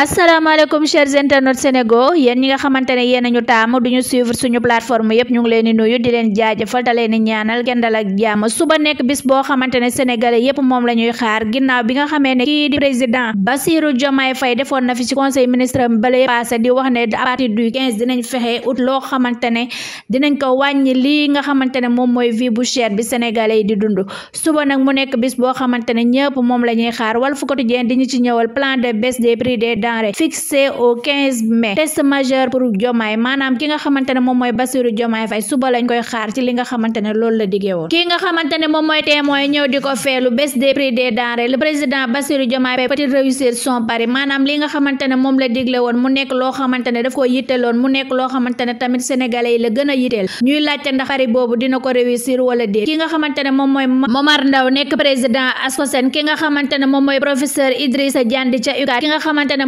asalaamaaleykum chers internautes Sénégal yéen ñi nga xamante ne yéen ñu taam du suivre suñu plateforme yëpp ñu ngi leen di nuyu di leen jaajëfal te leen di ñaanal ngeen dal ak jàmm suba nekk bis boo xamante ne sénégalais yëpp moom la ñuy xaar ginnaaw bi nga xamee ne kii di président Bassirou Diomaye Faye defoon na fi ci conseil ministre bale passé wax ne à partir dinañ fexe ut loo xamante ne dinañ ko wàññi lii nga xamante ne moom mooy vie bu cher bi sénégalais yi di dund suba nag mu nekk bis boo xamante ne ñëpp moom la ñuy xaar Walf Quotidien di ñu ci ñëwal plan de baisse des prix des denrée fixé au quinze mai test majeur suba lañ koy xaar ci li nga xamante loolu la diggee woon ki nga xamante moom mooy témoin ñëw di ko feelu baisse des prix des denrées le président Bassirou Diomaye Faye peut réussir son pari maanaam li nga xamante moom la digle woon mu nekk loo xamante ne ko yitteloon mu nekk loo xamante tamit sénégalais yi la gën a yitteel ñuy laajte ndax pari boobu dina ko réussir wala déet ki nga xamante moom mooy Momar Ndaw nekk président ASFOSEN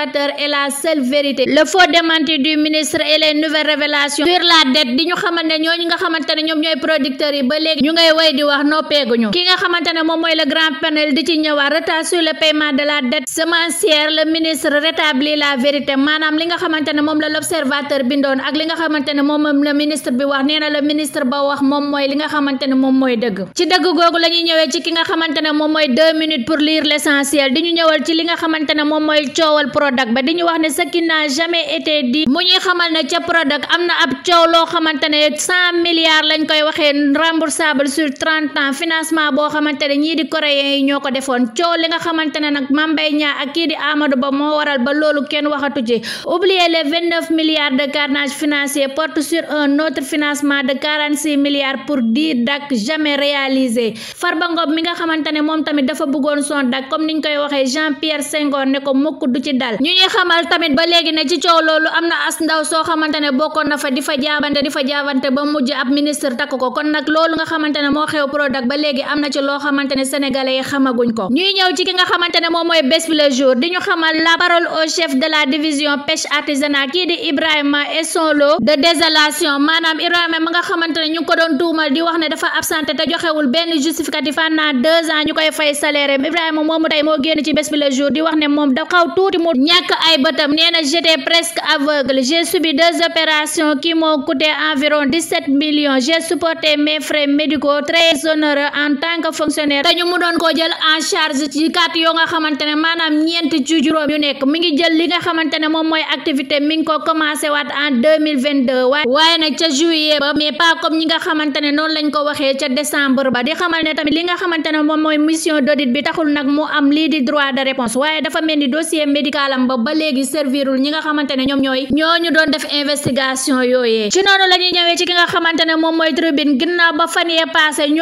l'observateur est la seule vérité du ministre et les nouvelles révélations sur la dette di ñu xamal ñooy producteurs yi ba léegi ñu ngay way di wax noppeeguñu ki nga xamante moom mooy le grand panel di ci ñëwaat retard sur le de la dette semencière le ministre rétablit la vérité maanaam li nga xamante moom la l'observateur bindoon ak li nga xamante moom mooy mooy dëgg minutes pour lire l'essentiel di ñu ñëwal ci li nga xamante moom mooy coowal Prodac ba di ñu wax ne ce n'a jamais été dit mu ñuy xamal ne ca Prodac am na ab coow loo xamante ne cent milliards lañ koy waxee remboursable sur trente ans financement boo xamante ne ñii di coréens yi ñoo ko defoon coow li nga xamante ne nag Mame Mbaye Niang ak kii di Amadou Ba moo waral ba loolu kenn waxatu ci oublier les vingt neuf milliards de carnage financier porte sur un autre financement de quarante six milliards pour dix DAC jamais réalisé Farba mi nga xamante ne moom tamit dafa bëggoon son DAC comme niñ koy waxee Jean Pierre Senghor ne ko mukk du ci dal ñu ñuy xamal tamit ba léegi ne ci coow loolu am na as ndaw soo xamante ne bokkoon na fa di fa jaabante di fa jaabante ba mujj ab ministre takk ko kon nag loolu nga xamante ne moo xew Prodac ba léegi am na ci loo xamante ne sénégalais yi xamaguñ ko ñuy ñëw ci ki nga xamante ne moom mooy bés bi le jour di ñu xamal la parole au chef de la division pêche artisanale kii di Ibrahima Esson Lo de désolation maanaam Ibrahima ma nga xamante ne ñu ngi ko doon tuumal di wax ne dafa absenté te joxewul benn justificatif pendant deux ans ñu koy fay salaire Ibrahima moomu tey moo génn di wax ne moom da xaw tuuti ñàkk ay bëtam nee na j'étais presque aveugle j'ai subi deux opérations qui m'ont coûté environ dix-sept millions j'ai supporté mes frais médicaux très onéreux en tant que fonctionnaire te mu doon koo jël en charge ci kat yoo nga xamante ne maanaam ñeent ci juróom yu nekk mi ngi jël li nga xamante ne moom mooy activité mi ngi ko commencé waat en deux mille vingt deux waaye nag ca juillet ba mais pas comme ñi nga xamante ne noonu lañ ko waxee ca décembre ba di xamal ne tamit li nga xamante ne moom mooy mission d'audit bi taxul nag mu am lii di droit de réponse dem ba ba léegi servirul ñi nga xamante ne ñoom ñooy ñooñu doon def investigation yooyee ci noonu la ñëwee ci ki nga xamante moom mooy tribune ginnaaw ba fan yee passé ñu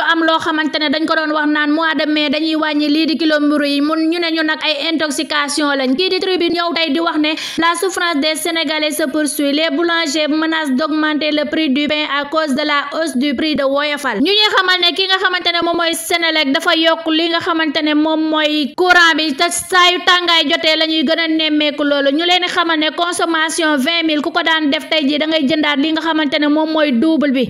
ne ñu ne ay intoxication lañ kii di tribune ñëw tey di wax ne la souffrance des sénégalais se poursuit les boulangers menacent d'augmenter le prix du pain à cause de la hausse du prix de woyofal ñu ñuy xamal ki nga xamante moom mooy Sénélec dafa yokk li nga xamante moom mooy courant a nemmeeku loolu ñu leen di ne consommation ku ko daan def tey jii da ngay jëndaat li nga xamante ne moom mooy double bi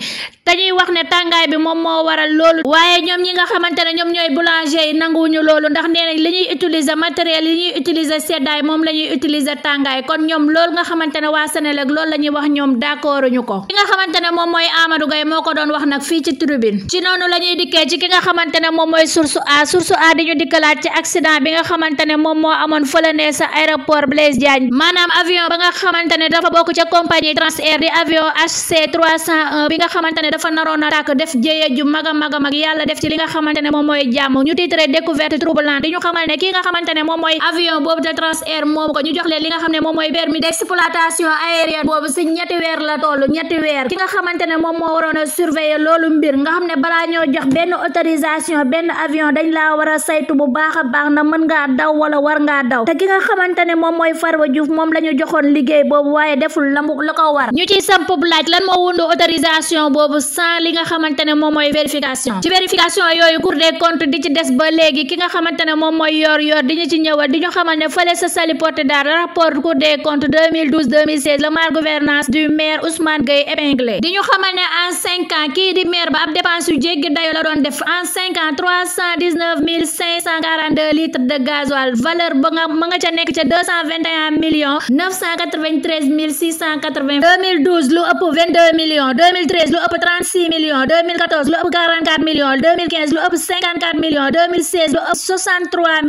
te ñuy wax ne tàngaay bi moom moo waral loolu waaye ñoom ñi nga xamante ne ñoom ñooy boulanger yi nanguwuñu loolu ndax nee li ñuy utiliser matériel yi ñuy utiliser seddaay moom la ñuy tàngaay kon ñoom loolu nga xamante ne waa Sénégal loolu la ñuy wax ñoom d'accord ko ki nga xamante ne moom mooy Amadou Gaye moo ko doon wax a a aéroport Blaise Diagne maanaam avion ba nga xamante dafa bokk ca compagnie Transair di avion HC 301 bi nga xamante ne dafa naroon a tàkk def jéye ju mag a mag a mag yàlla def ci li nga xamante ne moom mooy jàmm ñu titre découverte troublante di ñu xamal ne ki nga xamante ne moom mooy avion boobu de Transair moom ko ñu jox leen li nga xam ne moom mooy permis d'exploitation aérienne boobu si ñetti weer la toll ñetti weer ki nga xamante ne moom moo waroon a surveiller loolu mbir nga xam ne balaa ñoo jox benn autorisation benn avion dañ laa war a saytu bu baax a baax na mën ngaa daw wala war ngaa daw ne moom mooy Farba Diouf moom la ñu joxoon liggéey boobu waaye deful la mu la ko war ñu ciy sampub laaj lan moo wundu autorisation boobu ci vérification yooyu Cour des comptes di ci des ba léegi ki nga xamante moom mooy yor yor di ñu ci ñëwal di ñu xamal ne fële sa sali porte daal rapport Cour des comptes le mal gouvernance du maire Ousmane Gueye épinglé di ñu xamal ne en kii di maire ba ab dépense yu jéggi dayo la doon def en cinq ans de gasoil valeur ba nga deux cent vingt et un millions neuf cent quatre vingt treize mille six cent quatre vingt deux mille douze lu ëpp vingt deux millions deux mille treize lu ëpp trente six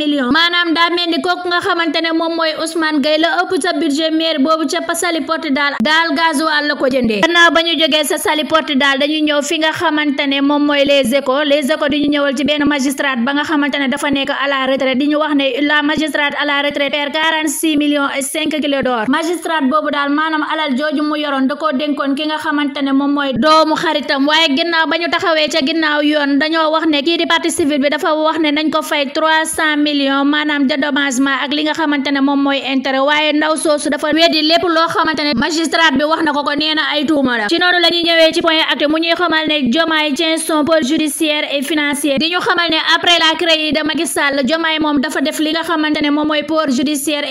millions maanaam daa mel ni kooku nga xamante ne moom mooy Ousmane Gueye la ëpp ca budget mairie boobu ca Pasali Portudal daal gasoil la ko jëndee gannaaw ba ñu jógee sa Sali daal dañu ñëw fi nga xamante ne moom mooy les échos les échos di ñëwal ci benn magistrat ba nga xamante ne dafa nekk à la retraite di ñu wax ne la magistrate à la retraite père millions et boobu daal maanaam alal jooju mu yoroon da koo dénkoon ki nga xamante ne moom mooy doomu xaritam waaye ginnaaw ba ñu taxawee ca ginnaaw yoon dañoo wax ne kii di partie civile bi dafa wax ne nañ ko fay millions maanaam dédommagement ak li nga xamante moom mooy intérêt waaye ndaw soosu dafa weddi lépp loo xamante ne bi wax na ko ko nee ay tuuma la ci noonu la ñëwee ci point acte mu ñuy xamal ne Diomaye tient son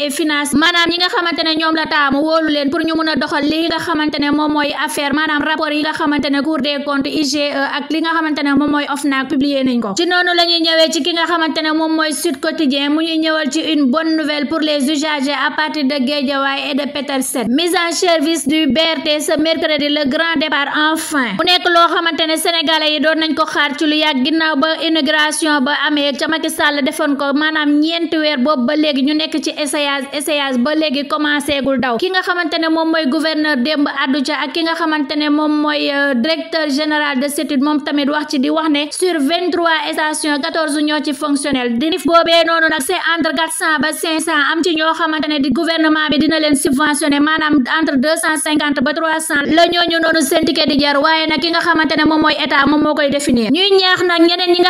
et finance maanaam ñi nga xamante ne ñoom la taamu wóolu leen pour ñu mun a doxal li nga xamante moom mooy affaire maanaam rapport yi nga xamante ne cour des comptes IGE ak li nga xamante moom mooy OFNAC publié nañ ko ci noonu la ñëwee ci ki nga xamante moom mooy Sud Quotidien mu ñuy ñëwal ci une bonne nouvelle pour les usagers à de Guédiawaye et de Petersen mise en service du BRT ce mercredi le grand départ enfin mu nekk loo xamante ne essayage essayage ba léegi commencé daw ki nga xamante moom mooy gouverneur démb addu ca ak ki nga xamante moom mooy euh, directeur général de CETUD moom tamit wax ci di wax ne sur vingt trois stations ñoo ci fonctionnel di boobee noonu nag c'est entre quatre cent ba am ci ñoo xamante gouvernement bi dina leen subventionné maanaam entre ba la ñooñu noonu seen ticket di jar waaye nag ki nga xamante moom mooy état moom moo koy définir ñuy ñaax nag ñeneen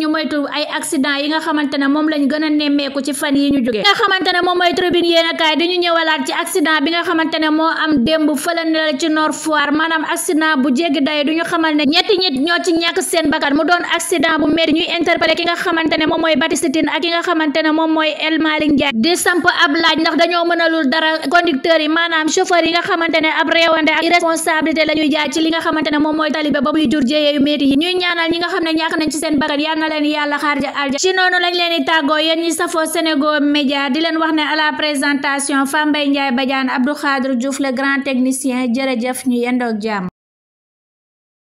ñi ñu moytu ay accident yi nga xamante ne moom lañ gën a ne moom mooy tribune ci Nord Foire mu doon accident bu métti ñuy interpellé ki nga xamante moom mooy Baptiste ak ki nga xamante moom mooy El Malick di samp ab laaj ndax dañoo mënalul dara conducteur yi maanaam chauffeur yi nga xamante ab réewande ak irresponsabilité la ñuy jaay ci li nga xamante moom mooy talibé ba muy jur jéyee yu ñuy ñaanal ñi nga xam ne ñàkk nañ ci seen bakkan yàlla na leen yàlla xaar ja alja ci noonu lañ leen di tàggoo yéen ñi safoo Sénégo média di leen wax ne à la présentation Fambaye Ndiaye Badiane Abdou Khadre Diouf le grand technicien jërëjëf ñu yendoog jàmm